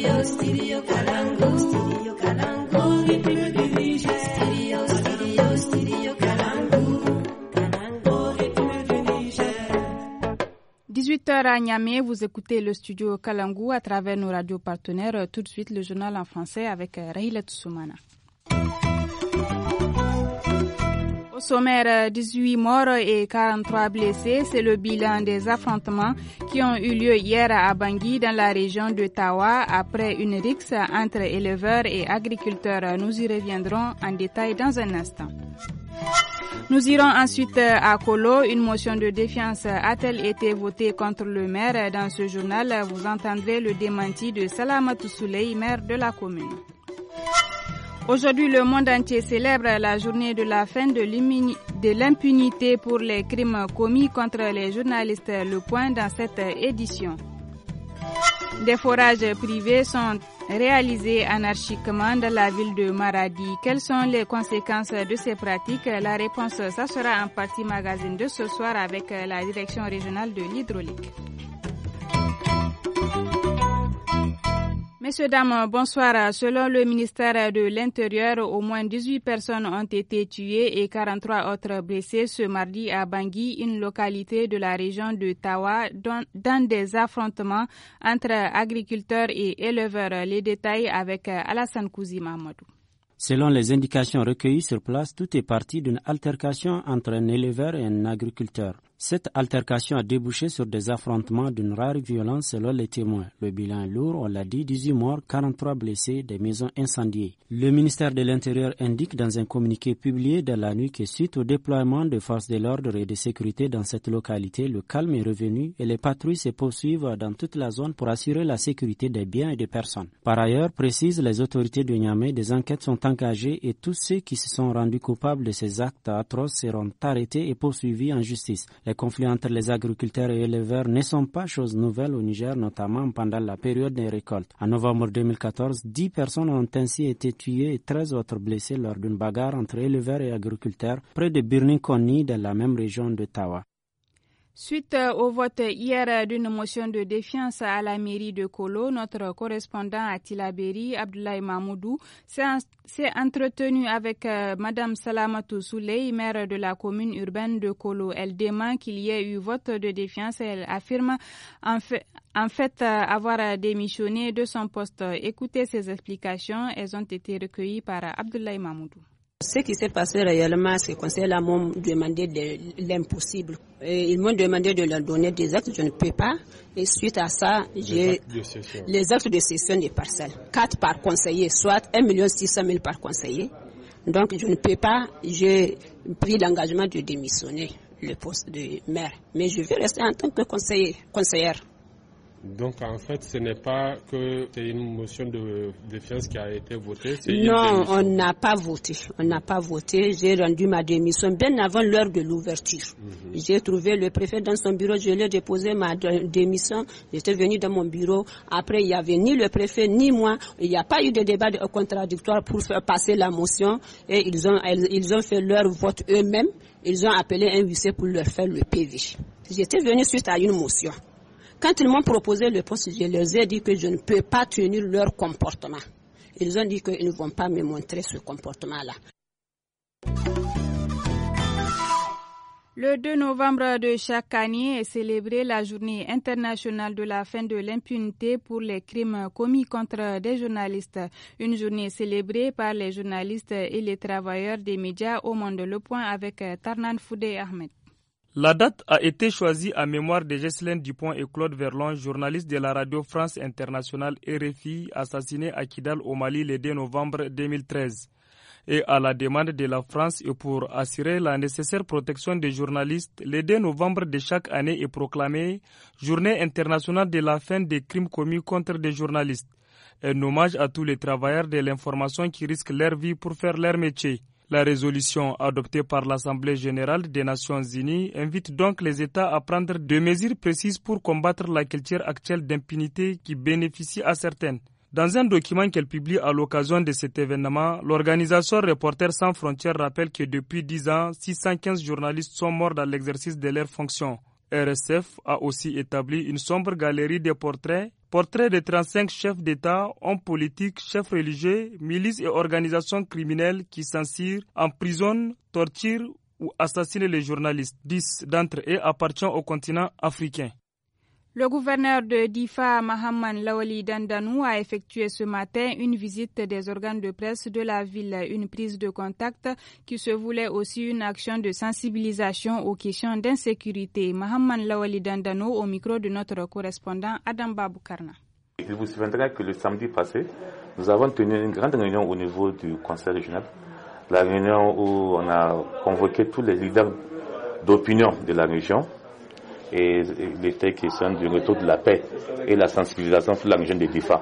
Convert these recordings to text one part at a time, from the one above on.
18h à Niamey, vous écoutez le studio Kalangu à travers nos radios partenaires. Tout de suite, le journal en français avec euh, Rahila Toussoumana sommaire 18 euh, morts et 43 blessés, c'est le bilan des affrontements qui ont eu lieu hier à Bangui dans la région de Tawa après une rixe entre éleveurs et agriculteurs. Nous y reviendrons en détail dans un instant. Nous irons ensuite euh, à Colo. Une motion de défiance a-t-elle été votée contre le maire Dans ce journal, vous entendrez le démenti de Salamat Suley, maire de la commune. Aujourd'hui, le monde entier célèbre la journée de la fin de l'impunité pour les crimes commis contre les journalistes. Le point dans cette édition. Des forages privés sont réalisés anarchiquement dans la ville de Maradi. Quelles sont les conséquences de ces pratiques La réponse, ça sera en partie magazine de ce soir avec la direction régionale de l'hydraulique. Messieurs, dames, bonsoir. Selon le ministère de l'Intérieur, au moins 18 personnes ont été tuées et 43 autres blessées ce mardi à Bangui, une localité de la région de Tawa, dans, des affrontements entre agriculteurs et éleveurs. Les détails avec Alassane Kouzi Mamadou. Selon les indications recueillies sur place, tout est parti d'une altercation entre un éleveur et un agriculteur. Cette altercation a débouché sur des affrontements d'une rare violence selon les témoins. Le bilan est lourd, on l'a dit, 18 morts, 43 blessés, des maisons incendiées. Le ministère de l'Intérieur indique dans un communiqué publié dans la nuit que suite au déploiement de forces de l'ordre et de sécurité dans cette localité, le calme est revenu et les patrouilles se poursuivent dans toute la zone pour assurer la sécurité des biens et des personnes. Par ailleurs, précisent les autorités de Niamey, des enquêtes sont engagées et tous ceux qui se sont rendus coupables de ces actes atroces seront arrêtés et poursuivis en justice. Les conflits entre les agriculteurs et éleveurs ne sont pas chose nouvelle au Niger, notamment pendant la période des récoltes. En novembre 2014, 10 personnes ont ainsi été tuées et 13 autres blessées lors d'une bagarre entre éleveurs et agriculteurs près de birni dans la même région de Tawa. Suite euh, au vote hier euh, d'une motion de défiance à la mairie de Kolo, notre correspondant à Tilaberi, Abdoulaye Mahmoudou, s'est entretenu avec euh, Madame Salamatou Souley, maire de la commune urbaine de Kolo. Elle dément qu'il y ait eu vote de défiance et elle affirme en fait, en fait avoir démissionné de son poste. Écoutez ses explications, elles ont été recueillies par Abdoulaye Mahmoudou. Ce qui s'est passé réellement, c'est que les là m'ont demandé de l'impossible. Ils m'ont demandé de leur donner des actes, je ne peux pas. Et suite à ça, j'ai les actes de cession des parcelles. Quatre par conseiller, soit 1 600 000 par conseiller. Donc je ne peux pas, j'ai pris l'engagement de démissionner le poste de maire. Mais je vais rester en tant que conseiller, conseillère. Donc en fait, ce n'est pas que c'est une motion de défiance qui a été votée. Non, on n'a pas voté. On n'a pas voté. J'ai rendu ma démission bien avant l'heure de l'ouverture. Mhm. J'ai trouvé le préfet dans son bureau. Je lui ai déposé ma démission. J'étais venu dans mon bureau. Après, il n'y avait ni le préfet ni moi. Il n'y a pas eu de débat contradictoire pour faire passer la motion. Et ils ont, ils ont fait leur vote eux-mêmes. Ils ont appelé un huissier pour leur faire le PV. J'étais venu suite à une motion. Quand ils m'ont proposé le poste, je leur ai dit que je ne peux pas tenir leur comportement. Ils ont dit qu'ils ne vont pas me montrer ce comportement-là. Le 2 novembre de chaque année est célébrée la journée internationale de la fin de l'impunité pour les crimes commis contre des journalistes. Une journée célébrée par les journalistes et les travailleurs des médias au monde. Le point avec Tarnan Foudé Ahmed. La date a été choisie à mémoire de Jocelyn Dupont et Claude Verlon, journalistes de la radio France Internationale RFI, assassinés à Kidal au Mali le 2 novembre 2013. Et à la demande de la France et pour assurer la nécessaire protection des journalistes, le 2 novembre de chaque année est proclamé Journée internationale de la fin des crimes commis contre des journalistes. Un hommage à tous les travailleurs de l'information qui risquent leur vie pour faire leur métier. La résolution adoptée par l'Assemblée générale des Nations unies invite donc les États à prendre des mesures précises pour combattre la culture actuelle d'impunité qui bénéficie à certaines. Dans un document qu'elle publie à l'occasion de cet événement, l'organisation Reporters sans frontières rappelle que depuis 10 ans, 615 journalistes sont morts dans l'exercice de leurs fonctions. RSF a aussi établi une sombre galerie de portraits Portrait de 35 chefs d'État, hommes politiques, chefs religieux, milices et organisations criminelles qui censurent, emprisonnent, torturent ou assassinent les journalistes. 10 d'entre eux appartiennent au continent africain. Le gouverneur de Difa, Mahaman Lawali Dandanou, a effectué ce matin une visite des organes de presse de la ville, une prise de contact qui se voulait aussi une action de sensibilisation aux questions d'insécurité. Mahaman Lawali Dandanou au micro de notre correspondant Adam Babukarna. Il vous souviendra que le samedi passé, nous avons tenu une grande réunion au niveau du conseil régional. La réunion où on a convoqué tous les leaders d'opinion de la région et il qui question du retour de la paix et la sensibilisation sur l'argent des DIFA.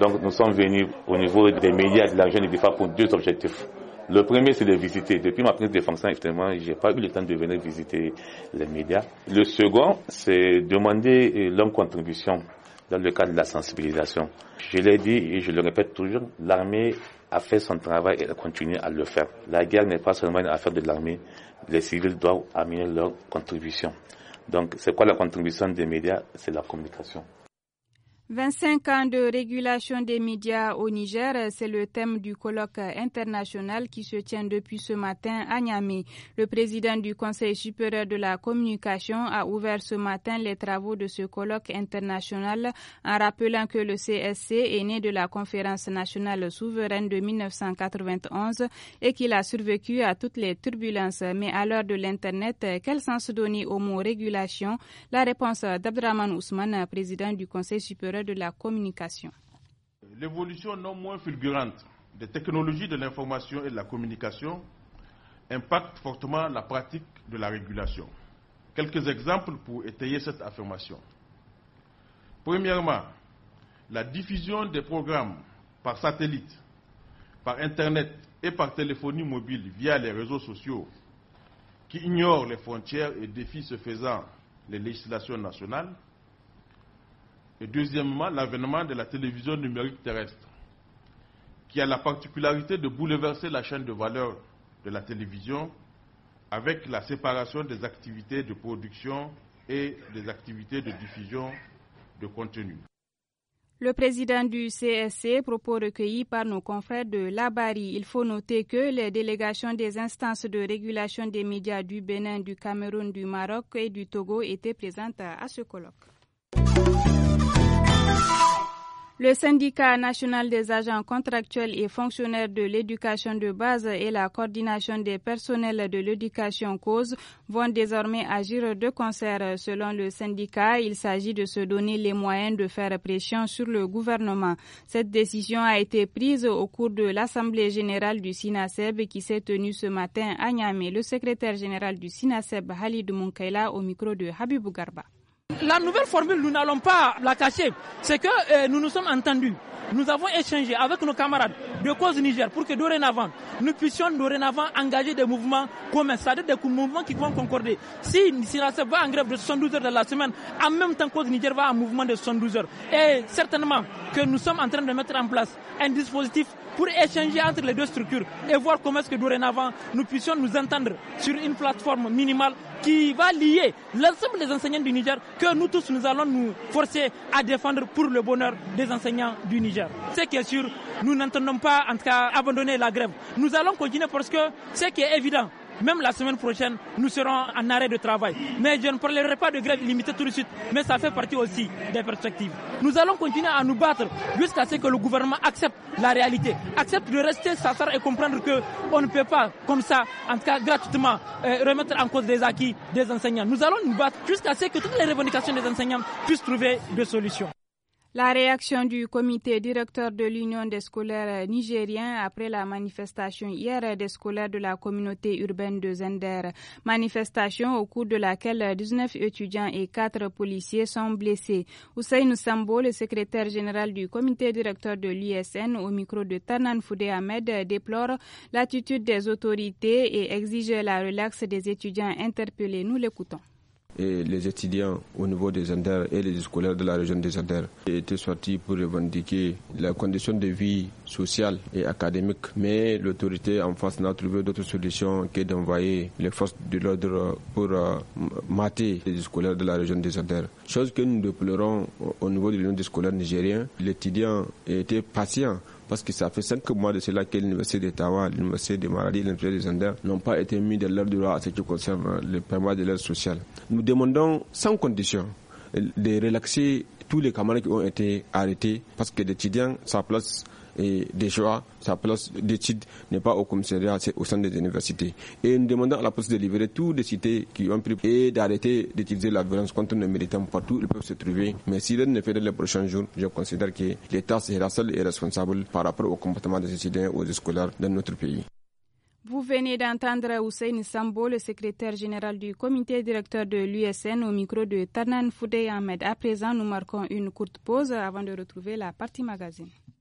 Donc nous sommes venus au niveau des médias de l'argent des DIFA pour deux objectifs. Le premier, c'est de visiter. Depuis ma prise de fonction, effectivement, j'ai pas eu le temps de venir visiter les médias. Le second, c'est demander euh, leur contribution dans le cadre de la sensibilisation. Je l'ai dit et je le répète toujours, l'armée a fait son travail et elle continue à le faire. La guerre n'est pas seulement une affaire de l'armée. Les civils doivent amener leur contribution. Donc, c'est quoi la contribution des médias C'est la communication. 25 ans de régulation des médias au Niger, c'est le thème du colloque international qui se tient depuis ce matin à Niamey. Le président du Conseil supérieur de la communication a ouvert ce matin les travaux de ce colloque international en rappelant que le CSC est né de la conférence nationale souveraine de 1991 et qu'il a survécu à toutes les turbulences. Mais à l'heure de l'Internet, quel sens donner au mot régulation La réponse d'Abdraman Ousmane, président du Conseil supérieur de la communication. L'évolution non moins fulgurante des technologies de l'information et de la communication impacte fortement la pratique de la régulation. Quelques exemples pour étayer cette affirmation. Premièrement, la diffusion des programmes par satellite, par Internet et par téléphonie mobile via les réseaux sociaux qui ignorent les frontières et défis se faisant les législations nationales et deuxièmement, l'avènement de la télévision numérique terrestre, qui a la particularité de bouleverser la chaîne de valeur de la télévision avec la séparation des activités de production et des activités de diffusion de contenu. Le président du CSC, propos recueillis par nos confrères de Labari. Il faut noter que les délégations des instances de régulation des médias du Bénin, du Cameroun, du Maroc et du Togo étaient présentes à ce colloque. Le syndicat national des agents contractuels et fonctionnaires de l'éducation de base et la coordination des personnels de l'éducation cause vont désormais agir de concert. Selon le syndicat, il s'agit de se donner les moyens de faire pression sur le gouvernement. Cette décision a été prise au cours de l'Assemblée générale du SINASEB qui s'est tenue ce matin à Niamey. Le secrétaire général du SINASEB, Halid Munkaila, au micro de Habibou Garba. La nouvelle formule, nous n'allons pas la cacher. C'est que euh, nous nous sommes entendus. Nous avons échangé avec nos camarades de cause Niger pour que dorénavant, nous puissions dorénavant engager des mouvements communs, c'est-à-dire des mouvements qui vont concorder. Si si va en grève de 72 heures de la semaine, en même temps cause Niger va en mouvement de 72 heures. Et certainement, que nous sommes en train de mettre en place un dispositif pour échanger entre les deux structures et voir comment est-ce que dorénavant nous puissions nous entendre sur une plateforme minimale qui va lier l'ensemble des enseignants du Niger que nous tous nous allons nous forcer à défendre pour le bonheur des enseignants du Niger. Ce qui est sûr, nous n'entendons pas en tout cas abandonner la grève. Nous allons continuer parce que ce qui est évident, même la semaine prochaine, nous serons en arrêt de travail. Mais je ne parlerai pas de grève limitée tout de suite, mais ça fait partie aussi des perspectives. Nous allons continuer à nous battre jusqu'à ce que le gouvernement accepte la réalité, accepte de rester s'asseoir et comprendre que on ne peut pas, comme ça, en tout cas gratuitement, euh, remettre en cause les acquis des enseignants. Nous allons nous battre jusqu'à ce que toutes les revendications des enseignants puissent trouver des solutions. La réaction du comité directeur de l'Union des scolaires nigériens après la manifestation hier des scolaires de la communauté urbaine de Zender. Manifestation au cours de laquelle 19 étudiants et 4 policiers sont blessés. Hussein Sambo, le secrétaire général du comité directeur de l'USN au micro de Tanan Foudé Ahmed, déplore l'attitude des autorités et exige la relaxe des étudiants interpellés. Nous l'écoutons et les étudiants au niveau des Anders et les scolaires de la région des Anders étaient sortis pour revendiquer la condition de vie sociale et académique. Mais l'autorité en face n'a trouvé d'autre solution que d'envoyer les forces de l'ordre pour euh, mater les scolaires de la région des Anders. Chose que nous déplorons au niveau de l'Union des scolaires nigériens. L'étudiant était patient parce que ça fait cinq mois de cela que l'Université d'Ottawa, l'Université de Maradi l'Université de Zinder n'ont pas été mis de leur droit à ce qui concerne le permis de l'aide sociale. Nous demandons sans condition de relaxer tous les camarades qui ont été arrêtés parce que l'étudiant, sa place et des sa place d'étude n'est pas au commissariat, c'est au sein des universités. Et nous demandons à la police de livrer tous les cités qui ont pris et d'arrêter d'utiliser la violence contre nos militants partout où ils peuvent se trouver. Mais si l'on ne fait les prochains jours, je considère que l'État sera seul et responsable par rapport au comportement des étudiants aux scolaires dans notre pays. Vous venez d'entendre Hussein Sambo, le secrétaire général du comité directeur de l'USN, au micro de Tarnan Foudey Ahmed. À présent, nous marquons une courte pause avant de retrouver la partie magazine.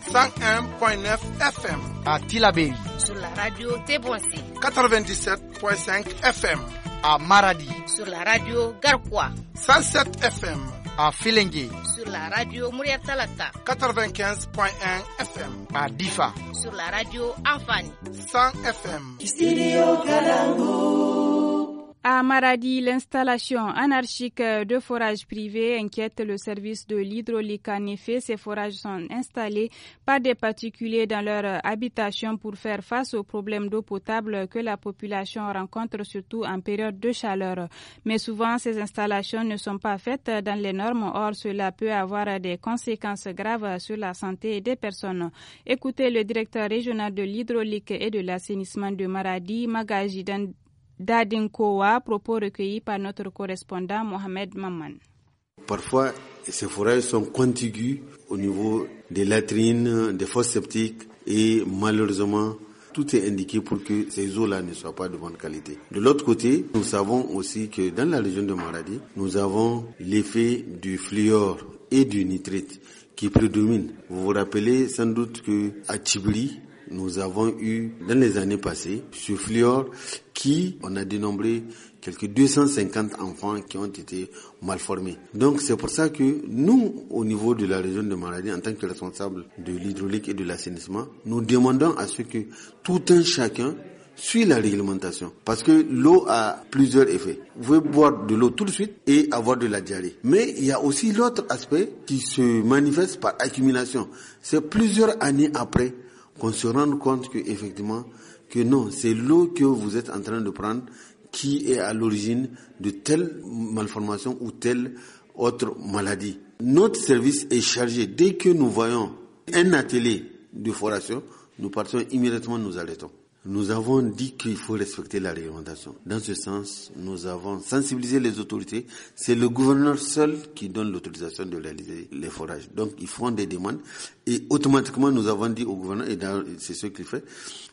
101.9 FM à Tilabéri. Sur la radio Tébouassi. 97.5 FM à Maradi. Sur la radio Garkwa. 107 FM à Filengue. Sur la radio Mouriatalata. 95.1 FM à Difa. Sur la radio Anfani. 100 FM. Studio à Maradi, l'installation anarchique de forages privés inquiète le service de l'hydraulique. En effet, ces forages sont installés par des particuliers dans leur habitation pour faire face aux problèmes d'eau potable que la population rencontre surtout en période de chaleur. Mais souvent, ces installations ne sont pas faites dans les normes. Or, cela peut avoir des conséquences graves sur la santé des personnes. Écoutez le directeur régional de l'hydraulique et de l'assainissement de Maradi, Magaji d'Adinkowa, propos recueillis par notre correspondant Mohamed Mamman. Parfois, ces forages sont contigus au niveau des latrines, des fosses septiques et malheureusement, tout est indiqué pour que ces eaux-là ne soient pas de bonne qualité. De l'autre côté, nous savons aussi que dans la région de Maradi, nous avons l'effet du fluor et du nitrite qui prédominent. Vous vous rappelez sans doute que à Tchibli, nous avons eu dans les années passées sur Flior qui, on a dénombré quelques 250 enfants qui ont été mal formés. Donc c'est pour ça que nous, au niveau de la région de Maradi, en tant que responsable de l'hydraulique et de l'assainissement, nous demandons à ce que tout un chacun suit la réglementation. Parce que l'eau a plusieurs effets. Vous pouvez boire de l'eau tout de suite et avoir de la diarrhée. Mais il y a aussi l'autre aspect qui se manifeste par accumulation. C'est plusieurs années après qu'on se rende compte que effectivement que non, c'est l'eau que vous êtes en train de prendre qui est à l'origine de telle malformation ou telle autre maladie. Notre service est chargé. Dès que nous voyons un atelier de foration, nous partons immédiatement, nous arrêtons. Nous avons dit qu'il faut respecter la réglementation. Dans ce sens, nous avons sensibilisé les autorités. C'est le gouverneur seul qui donne l'autorisation de réaliser les forages. Donc, ils font des demandes et automatiquement, nous avons dit au gouverneur, et c'est ce qu'il fait,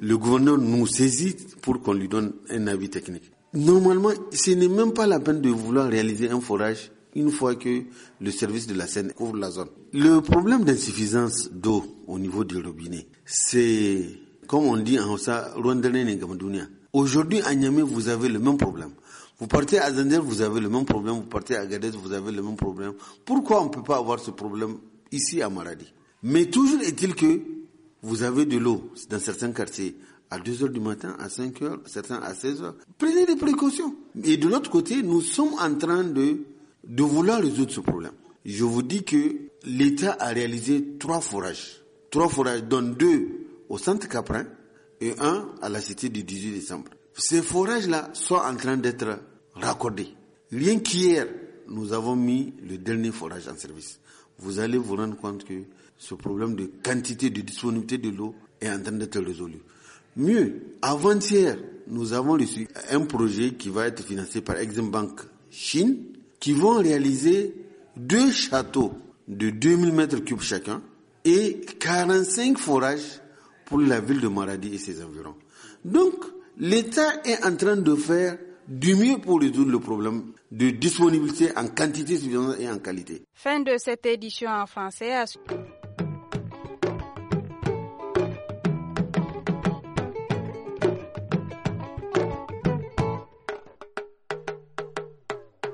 le gouverneur nous saisit pour qu'on lui donne un avis technique. Normalement, ce n'est même pas la peine de vouloir réaliser un forage une fois que le service de la Seine couvre la zone. Le problème d'insuffisance d'eau au niveau du robinet, c'est comme on dit en Rwanda Aujourd'hui, à Niamey, vous avez le même problème. Vous partez à Zander, vous avez le même problème. Vous partez à Gadez, vous avez le même problème. Pourquoi on ne peut pas avoir ce problème ici à Maradi Mais toujours est-il que vous avez de l'eau dans certains quartiers à 2 h du matin, à 5 h certains à 16 h Prenez des précautions. Et de l'autre côté, nous sommes en train de, de vouloir résoudre ce problème. Je vous dis que l'État a réalisé trois forages. Trois forages, dont deux au centre Caprin et un à la cité du 18 décembre. Ces forages-là sont en train d'être raccordés. Rien qu'hier, nous avons mis le dernier forage en service. Vous allez vous rendre compte que ce problème de quantité, de disponibilité de l'eau est en train d'être résolu. Mieux, avant-hier, nous avons reçu un projet qui va être financé par Exim Bank Chine, qui vont réaliser deux châteaux de 2000 mètres cubes chacun et 45 forages pour la ville de Maradi et ses environs. Donc, l'État est en train de faire du mieux pour résoudre le problème de disponibilité en quantité suffisante et en qualité. Fin de cette édition en français.